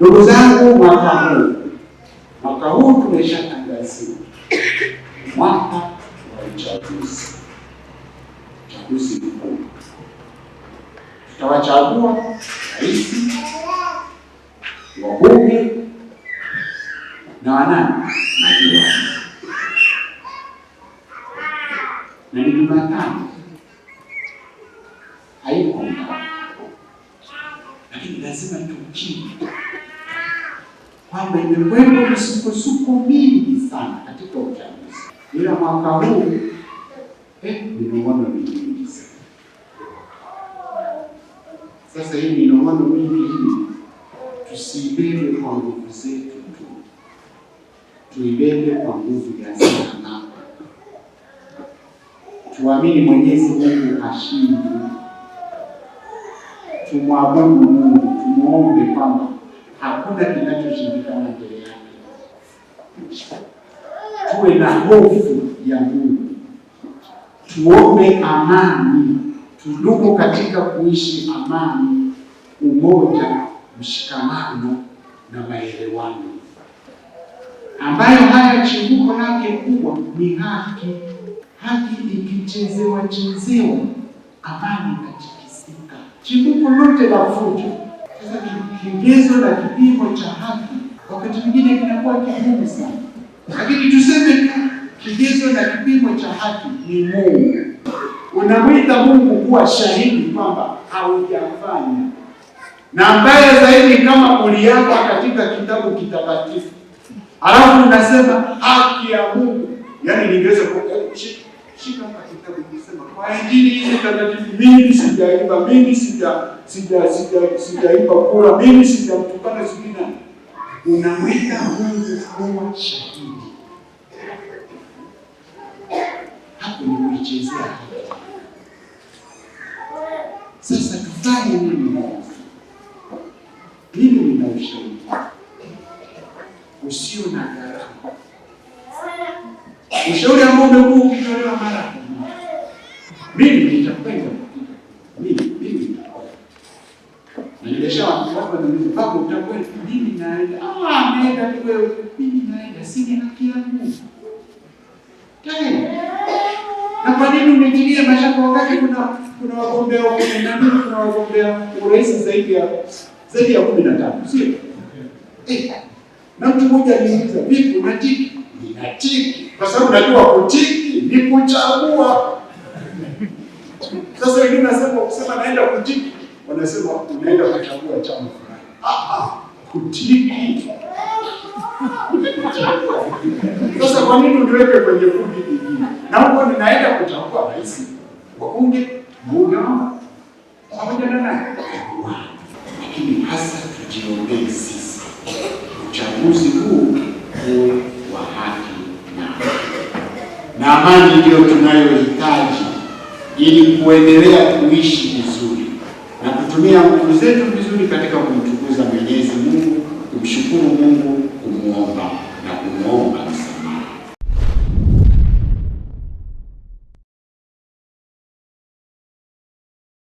Ndugu zangu, mwaka huu mwaka huu tumeshatangazia mwaka wa uchaguzi, uchaguzi mkuu. Tutawachagua rais, wabunge na wanani madiwani, na ni Jumatano haiko mbali, lakini lazima tukii kwamba imekwepo misukosuko mingi sana katika uchaguzi, ila mwaka huu eh, minong'ono mingi sana. Sasa hii minong'ono mingi hii tusibebe kwa nguvu zetu tu, tuibebe kwa nguvu ya sana. Tuamini Mwenyezi Mungu hashindi, tumwabudu Mungu, tumwombe kwamba hakuna kinachoshindikana mbele yake. Tuwe na hofu ya Mungu, tuombe amani, tudumu katika kuishi amani, umoja, mshikamano na maelewano, ambayo haya chimbuko lake kubwa ni haki. Haki ikichezewa chezewa, amani itatikisika. Chimbuko lote la fujo kigezo na kipimo cha haki wakati mwingine kinakuwa kigumu sana, lakini tuseme kigezo na kipimo cha haki ni Mungu. Unamwita Mungu kuwa shahidi kwamba haujafanya, na mbaya zaidi, kama uliapa katika kitabu kitakatifu alafu unasema haki ya Mungu, yaani ningeweza shika vitabu vinasema kwa injili hizi takatifu, mimi sijaiba, mimi sija sija sija sijaiba kura, mimi sijamtukana sijina. Unaweka Mungu kuwa shahidi, hapo ni kuichezea. Sasa tufanye nini? Mimi nina ushahidi usio na gharama, ushauri ambao umekuwa ukitolewa mara mimi nitakupenda mimi mimi na nimeshawaambia ndio sababu mimi naenda ah ameenda tu wewe mimi naenda sije na kila mtu tayari na kwa nini umetilia maisha kwa wakati kuna kuna wagombea wa kumi na mbili kuna wagombea urais zaidi ya zaidi ya kumi na tano sio eh na mtu mmoja aliniuliza vipi unatiki ninatiki kwa sababu najua kutiki ni kuchagua sasa wengine nasema kusema naenda kutiki, wanasema unaenda kuchagua chama fulani. Ah ah, kutiki. Sasa kwa nini uniweke kwenye kundi nyingine? Na huko ninaenda kuchagua rais, wa bunge, mbunge wangu pamoja na naye. Lakini hasa tujiombee sisi. Uchaguzi huu uwe wa haki na na amani ndio tunayohitaji ili kuendelea kuishi vizuri na kutumia nguvu zetu vizuri katika kumtukuza Mwenyezi Mungu, kumshukuru Mungu, kumwomba na kumwomba